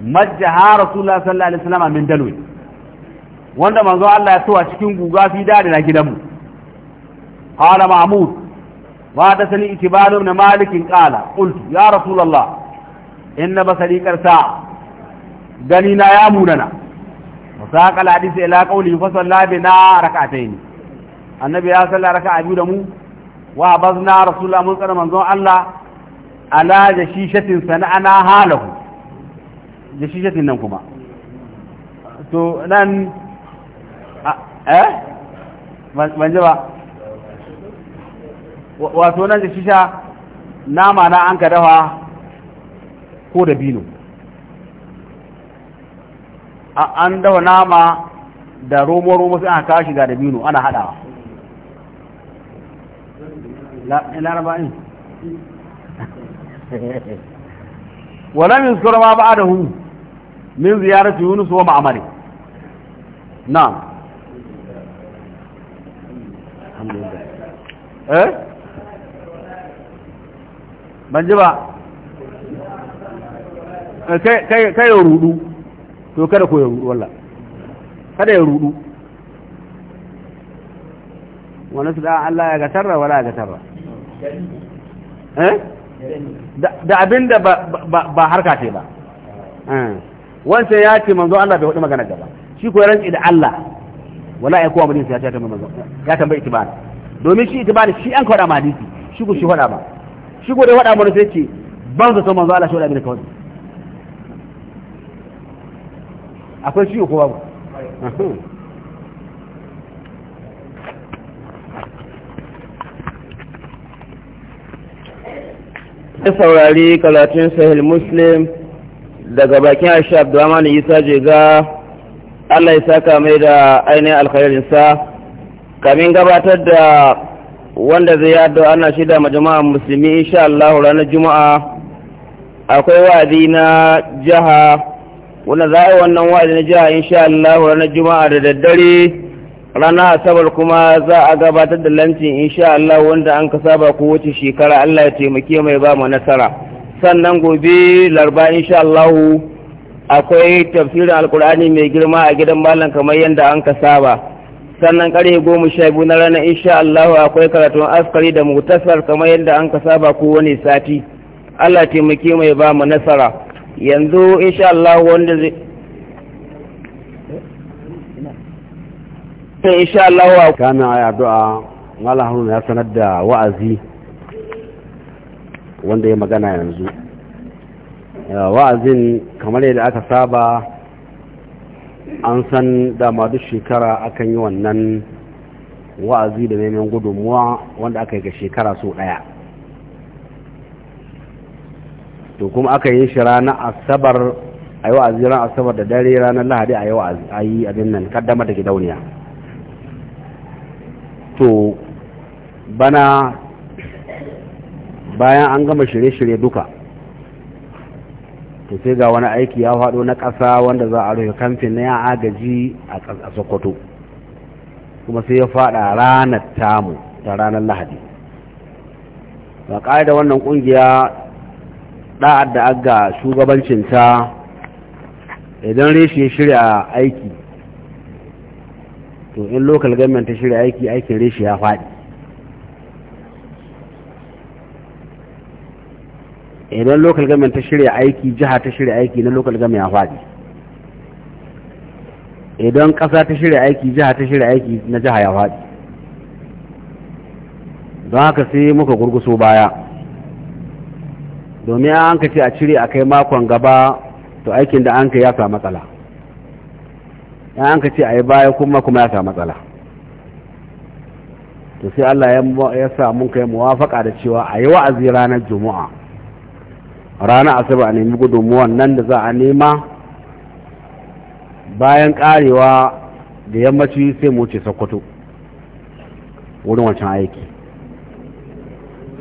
majjaha rasulullah sallallahu alaihi wasallam min dalwi wanda manzo Allah ya tuwa cikin guga fi dadi na gidanmu قال معمود وحدثني اتبان بن مالك قال قلت يا رسول الله إن بصري كرساء غنينا يا موننا وساق الحديث إلى قوله فصلى بنا ركعتين النبي صلى ركعة بيو دمو وعبزنا رسول الله منصر منظوم الله على جشيشة سنعنا حاله جشيشة نمكما تو لن أه؟ من جوا wato nan da shisha nama na an ka dafa ko da bino an dafa nama da romo-romo sai aka kawo shiga da bino ana haɗawa laraba'in wala min sura ma ba da hun min ziyarati yunus wa ma'amari na'am alhamdulillah eh ban ji ba eh, kai ya rudu to kada ko ya rudu wallah kada ya rudu wani su da Allah ya gatarra wala ya gatarra eh? da abin da ba harka ce ba eh. wancan ya ce manzo Allah bai hudu magana gaba shi ko ranci da Allah wala ya kowa mulkin ya ce ya tambayi itibar domin shi itibar shi an kawada ma hadisi shi ku shi hudu ba shi gode wada mana sai ce ban zato manzo Allah shi wada mina kawai akwai shi ko babu ya saurari kalatin sahil muslim daga bakin aisha abdurrahman isa ga allah ya saka mai da ainihin alkhairinsa kamin gabatar da wanda zai yado ana shida ma jama'a musulmi insha Allah ranar juma'a akwai wa'azi na jiha wanda za a wannan wa'azi na jiha insha Allah ranar juma'a da daddare ranar asabar kuma za a gabatar da lantin insha Allah wanda an ka saba ko wuce shekara Allah ya taimake mai ba mu nasara sannan gobe larba insha Allah akwai tafsirin alkur'ani mai girma a gidan malam kamar yadda an ka saba sannan kare goma sha biyu na ranar insha Allahu akwai karatun askari da mutasar kamar yadda an ka saba wani sati Allah taimake mai ba mu nasara yanzu insha Allahu wanda zai eh, insha Allahu kamin ayi addu'a Malam ya sanar da wa'azi wanda ya magana yanzu wa'azin kamar yadda aka saba an san dama duk shekara akan yi wannan wa'azi da neman gudunmuwa wanda aka yi ga shekara so ɗaya to kuma aka yi shi ranar asabar a yi wa'azi ranar asabar da dare ranar lahadi a yi wa'azi a yi abin nan kaddamar da gidauniya to bana bayan an gama shirye-shirye duka to sai ga wani aiki ya faɗo na ƙasa wanda za a rufe kamfin na ya agaji a sokoto kuma sai ya faɗa ranar tamu ta ranar lahadi ba da wannan ƙungiya ɗa'ad da aga shugabancinta idan reshi ya shirya aiki to in local government ta shirya aiki aikin reshi ya faɗi idan local government ta shirya aiki jiha ta shirya aiki na local government ya faɗi idan ƙasa ta shirya aiki jiha ta shirya aiki na jiha ya faɗi don haka sai muka gurguso baya domin an ka ce a cire a kai makon gaba to aikin da an ka ya sa matsala an ka ce a yi baya kuma kuma ya sa matsala to sai Allah ya sa mun kai muwafaka da cewa a yi wa'azi ranar juma'a rana asabar a nemi gudunmuwan nan da za a nema bayan karewa da yammaci sai mu wuce sokoto wurin wancan aiki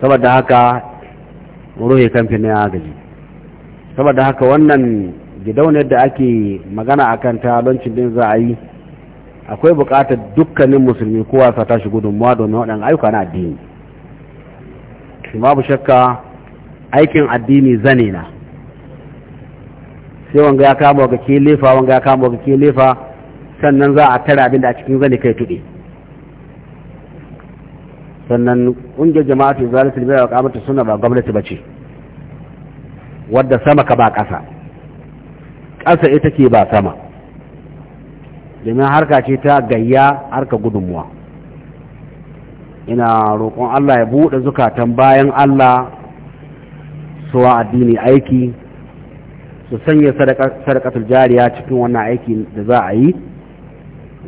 saboda haka ruhe kamfin ya gaji saboda haka wannan gidauniyar da ake magana a kan talancin din za a yi akwai bukatar dukkanin musulmi kowa sa tashi gudunmuwa domin waɗanda ayyuka na addini babu shakka aikin addini zane na sai wanga ya kama ga ke lefa wanga ya kama ga ke lefa sannan za a tara abinda a cikin zane kai tuɗe sannan ƙungiyar jama'a zalisul bid'a wa qamatu ba gwamnati ba ce wadda sama ka ba ƙasa ƙasa ita ke ba sama domin harka ce ta gayya harka gudunmuwa ina roƙon Allah ya buɗe zukatan bayan Allah suwa addini aiki su sanya sadakatul jariya cikin wannan aiki da za a yi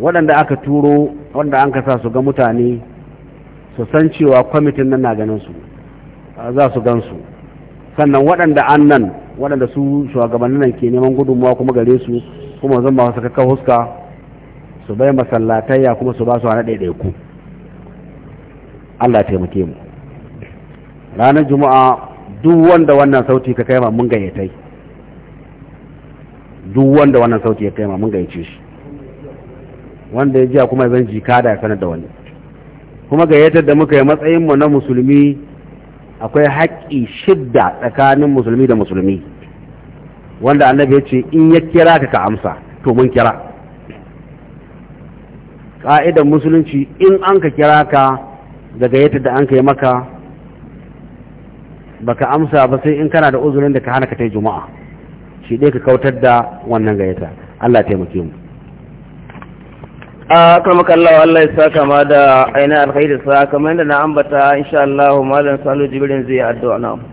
waɗanda aka turo wanda an kasa su ga mutane su san cewa kwamitin nan na ganin su za su gan su sannan waɗanda an nan waɗanda su shugabannin nan ke neman gudunmawa kuma gare su kuma zan ba su kakka huska su bai masallatayya kuma su ba su hana ɗaiɗaiku Allah taimake mu ranar juma'a duk wanda wannan sauti ka kai ma mun gayyatai duk wanda wannan sauti ya kai ma mun gayyace shi wanda ya jiya kuma zan jika da ya sanar da wani kuma gayyatar da muka yi matsayin mu na musulmi akwai haƙƙi shidda tsakanin musulmi da musulmi wanda annabi ya ce in ya kira ka ka amsa to mun kira ka'idar musulunci in an ka kira ka daga yadda da an ka yi maka baka amsa ba sai in kana da uzurin da ka hana ka ta juma'a shi dai ka kautar da wannan gayyata Allah taimake mu a kama kallawa Allah ya saka ma da aina alkhairi sa kamar yadda na ambata insha Allah malam salu Jibrin zai addu'a na